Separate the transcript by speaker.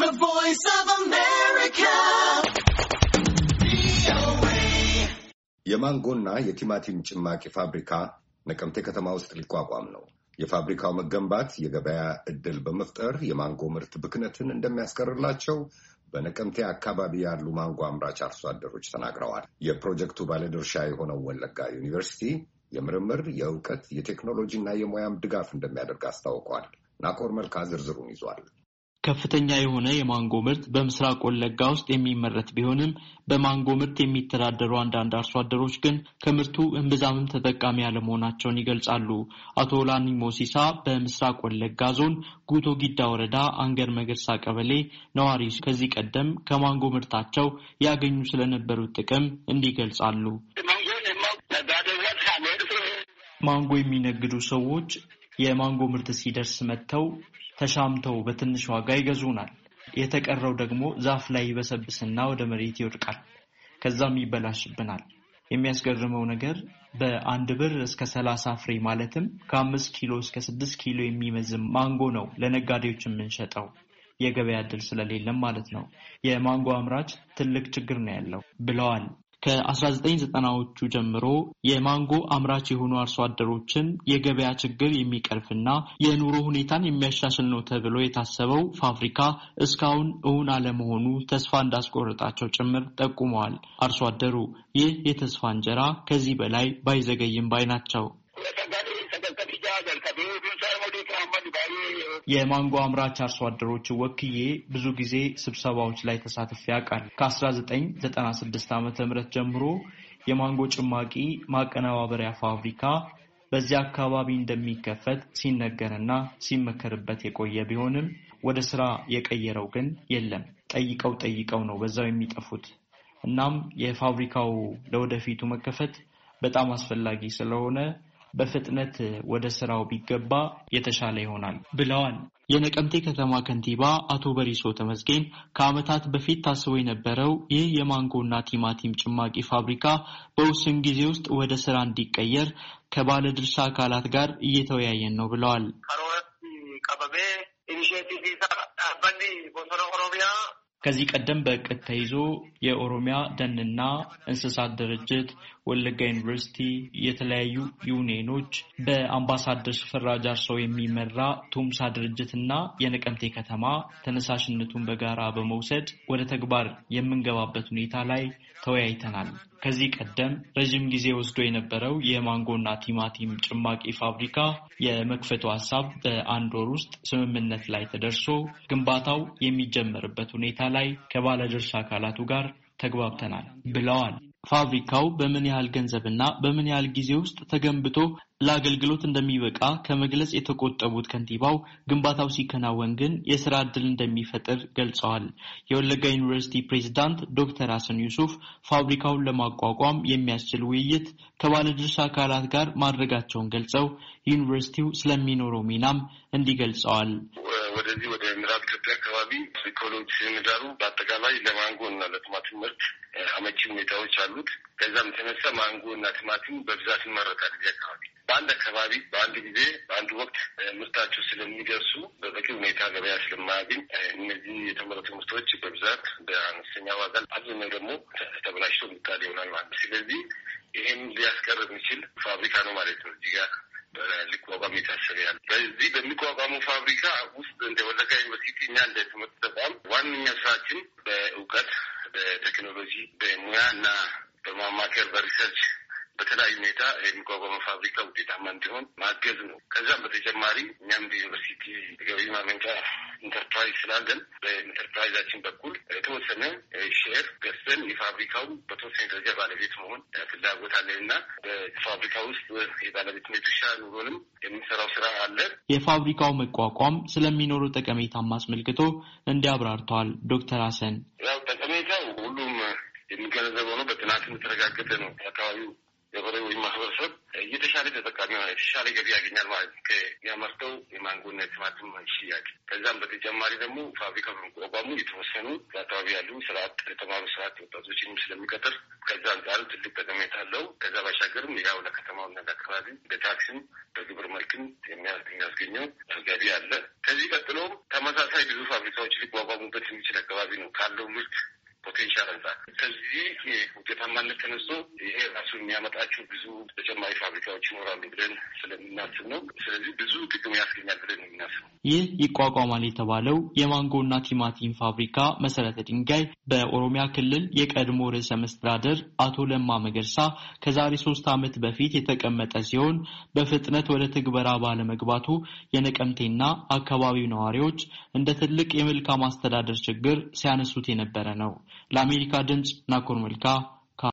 Speaker 1: The Voice of America. የማንጎና የቲማቲም ጭማቂ ፋብሪካ ነቀምቴ ከተማ ውስጥ ሊቋቋም ነው። የፋብሪካው መገንባት የገበያ እድል በመፍጠር የማንጎ ምርት ብክነትን እንደሚያስቀርላቸው በነቀምቴ አካባቢ ያሉ ማንጎ አምራች አርሶ አደሮች ተናግረዋል። የፕሮጀክቱ ባለድርሻ የሆነው ወለጋ ዩኒቨርሲቲ የምርምር የእውቀት፣ የቴክኖሎጂ እና የሙያም ድጋፍ እንደሚያደርግ አስታውቋል። ናኮር መልካ ዝርዝሩን ይዟል።
Speaker 2: ከፍተኛ የሆነ የማንጎ ምርት በምስራቅ ወለጋ ውስጥ የሚመረት ቢሆንም በማንጎ ምርት የሚተዳደሩ አንዳንድ አርሶ አደሮች ግን ከምርቱ እምብዛምም ተጠቃሚ ያለመሆናቸውን ይገልጻሉ። አቶ ላኒ ሞሲሳ በምስራቅ ወለጋ ዞን ጉቶ ጊዳ ወረዳ አንገር መገርሳ ቀበሌ ነዋሪ ከዚህ ቀደም ከማንጎ ምርታቸው ያገኙ ስለነበሩት ጥቅም እንዲህ ይገልጻሉ። ማንጎ የሚነግዱ ሰዎች የማንጎ ምርት ሲደርስ መጥተው ተሻምተው በትንሽ ዋጋ ይገዙናል። የተቀረው ደግሞ ዛፍ ላይ ይበሰብስና ወደ መሬት ይወድቃል። ከዛም ይበላሽብናል። የሚያስገርመው ነገር በአንድ ብር እስከ ሰላሳ ፍሬ ማለትም ከአምስት ኪሎ እስከ ስድስት ኪሎ የሚመዝም ማንጎ ነው ለነጋዴዎች የምንሸጠው። የገበያ እድል ስለሌለም ማለት ነው። የማንጎ አምራች ትልቅ ችግር ነው ያለው ብለዋል ከ1990ዎቹ ጀምሮ የማንጎ አምራች የሆኑ አርሶ አደሮችን የገበያ ችግር የሚቀርፍና የኑሮ ሁኔታን የሚያሻሽል ነው ተብሎ የታሰበው ፋብሪካ እስካሁን እውን አለመሆኑ ተስፋ እንዳስቆረጣቸው ጭምር ጠቁመዋል። አርሶ አደሩ ይህ የተስፋ እንጀራ ከዚህ በላይ ባይዘገይም ባይ ናቸው። የማንጎ አምራች አርሶ አደሮች ወክዬ ብዙ ጊዜ ስብሰባዎች ላይ ተሳትፌ ያውቃል። ከ1996 ዓ.ም ጀምሮ የማንጎ ጭማቂ ማቀነባበሪያ ፋብሪካ በዚህ አካባቢ እንደሚከፈት ሲነገርና ሲመከርበት የቆየ ቢሆንም ወደ ስራ የቀየረው ግን የለም። ጠይቀው ጠይቀው ነው በዛው የሚጠፉት። እናም የፋብሪካው ለወደፊቱ መከፈት በጣም አስፈላጊ ስለሆነ በፍጥነት ወደ ስራው ቢገባ የተሻለ ይሆናል ብለዋል። የነቀምቴ ከተማ ከንቲባ አቶ በሪሶ ተመስገን ከዓመታት በፊት ታስቦ የነበረው ይህ የማንጎና ቲማቲም ጭማቂ ፋብሪካ በውስን ጊዜ ውስጥ ወደ ስራ እንዲቀየር ከባለድርሻ አካላት ጋር እየተወያየን ነው ብለዋል። ከዚህ ቀደም በእቅድ ተይዞ የኦሮሚያ ደንና እንስሳት ድርጅት ወለጋ ዩኒቨርሲቲ፣ የተለያዩ ዩኒየኖች፣ በአምባሳደር ሽፈራ ጃርሰው የሚመራ ቶምሳ ድርጅትና የነቀምቴ ከተማ ተነሳሽነቱን በጋራ በመውሰድ ወደ ተግባር የምንገባበት ሁኔታ ላይ ተወያይተናል። ከዚህ ቀደም ረዥም ጊዜ ወስዶ የነበረው የማንጎና ቲማቲም ጭማቂ ፋብሪካ የመክፈቱ ሀሳብ በአንድ ወር ውስጥ ስምምነት ላይ ተደርሶ ግንባታው የሚጀመርበት ሁኔታ ላይ ከባለድርሻ አካላቱ ጋር ተግባብተናል ብለዋል። ፋብሪካው በምን ያህል ገንዘብና በምን ያህል ጊዜ ውስጥ ተገንብቶ ለአገልግሎት እንደሚበቃ ከመግለጽ የተቆጠቡት ከንቲባው ግንባታው ሲከናወን ግን የስራ ዕድል እንደሚፈጥር ገልጸዋል። የወለጋ ዩኒቨርሲቲ ፕሬዚዳንት ዶክተር ሀሰን ዩሱፍ ፋብሪካውን ለማቋቋም የሚያስችል ውይይት ከባለድርሻ አካላት ጋር ማድረጋቸውን ገልጸው ዩኒቨርሲቲው ስለሚኖረው ሚናም እንዲህ ገልጸዋል። ወደዚህ ወደ ምዕራብ
Speaker 1: ኢትዮጵያ አካባቢ ኢኮሎጂ ምህዳሩ በአጠቃላይ ለማንጎ እና ለቲማቲም ምርት አመቺ ሁኔታዎች አሉት። ከዛም የተነሳ ማንጎ እና ቲማቲም በብዛት ይመረታል እዚህ አካባቢ በአንድ አካባቢ በአንድ ጊዜ በአንድ ወቅት ምርታቸው ስለሚደርሱ በበቂ ሁኔታ ገበያ ስለማያገኝ እነዚህ የተመረቱ ምርቶች በብዛት በአነስተኛ ዋጋ፣ አብዛኛው ደግሞ ተበላሽቶ የሚጣል ይሆናል ማለት ነው። ስለዚህ ይህን ሊያስቀር የሚችል ፋብሪካ ነው ማለት ነው እዚህ ጋር ሊቋቋም የታሰበ ያለ በዚህ በሚቋቋሙ ፋብሪካ ውስጥ እንደ ወለጋ ዩኒቨርሲቲ እኛ እንደ ትምህርት ተቋም ዋነኛ ስራችን በእውቀት፣ በቴክኖሎጂ፣ በሙያ እና በማማከር በሪሰርች በተለያዩ ሁኔታ የሚቋቋመ ፋብሪካ ውጤታማ እንዲሆን ማገዝ ነው። ከዛም በተጨማሪ እኛም በዩኒቨርሲቲ ገቢ ማመንጫ ኢንተርፕራይዝ ስላለን በኢንተርፕራይዛችን በኩል የተወሰነ ሼር ገዝተን የፋብሪካውን በተወሰነ ደረጃ ባለቤት መሆን ፍላጎት አለን እና በፋብሪካ ውስጥ የባለቤትነት ድርሻ ኑሮንም የምንሰራው
Speaker 2: ስራ አለ። የፋብሪካው መቋቋም ስለሚኖረው ጠቀሜታ አስመልክቶ እንዲያብራርተዋል ዶክተር ሀሰን።
Speaker 1: ያው ጠቀሜታው ሁሉም የሚገነዘበው ነው። በጥናትም የተረጋገጠ ነው። አካባቢው ገበሬ ወይም ማህበረሰብ የተሻለ ተጠቃሚ የተሻለ ገቢ ያገኛል ማለት ነው። ከሚያመርተው የማንጎና የቲማቲም ሽያጭ ከዛም በተጨማሪ ደግሞ ፋብሪካ በመቋቋሙ የተወሰኑ በአካባቢ ያሉ ስርአት የተማሩ ስርአት ወጣቶችንም ስለሚቀጥር ከዛ አንጻር ትልቅ ጠቀሜታ አለው። ከዛ ባሻገርም ያው ለከተማውና ለአካባቢ በታክስም በግብር መልክም የሚያስገኘው ገቢ አለ። ከዚህ ቀጥሎም ተመሳሳይ ብዙ ፋብሪካዎች ሊቋቋሙበት የሚችል አካባቢ ነው ካለው ምርት ፖቴንሻል አንጻር ከዚህ ውጤታማነት ተነስቶ ይሄ ራሱ የሚያመጣቸው ብዙ ተጨማሪ ፋብሪካዎች ይኖራሉ ብለን ስለምናስብ ነው። ስለዚህ ብዙ ጥቅም ያስገኛል
Speaker 2: ብለን የምናስብ ይህ ይቋቋማል የተባለው የማንጎና ቲማቲም ፋብሪካ መሰረተ ድንጋይ በኦሮሚያ ክልል የቀድሞ ርዕሰ መስተዳደር አቶ ለማ መገርሳ ከዛሬ ሶስት ዓመት በፊት የተቀመጠ ሲሆን በፍጥነት ወደ ትግበራ ባለመግባቱ የነቀምቴና አካባቢው ነዋሪዎች እንደ ትልቅ የመልካም አስተዳደር ችግር ሲያነሱት የነበረ ነው። ለአሜሪካ ድምፅ ናኮር መልካ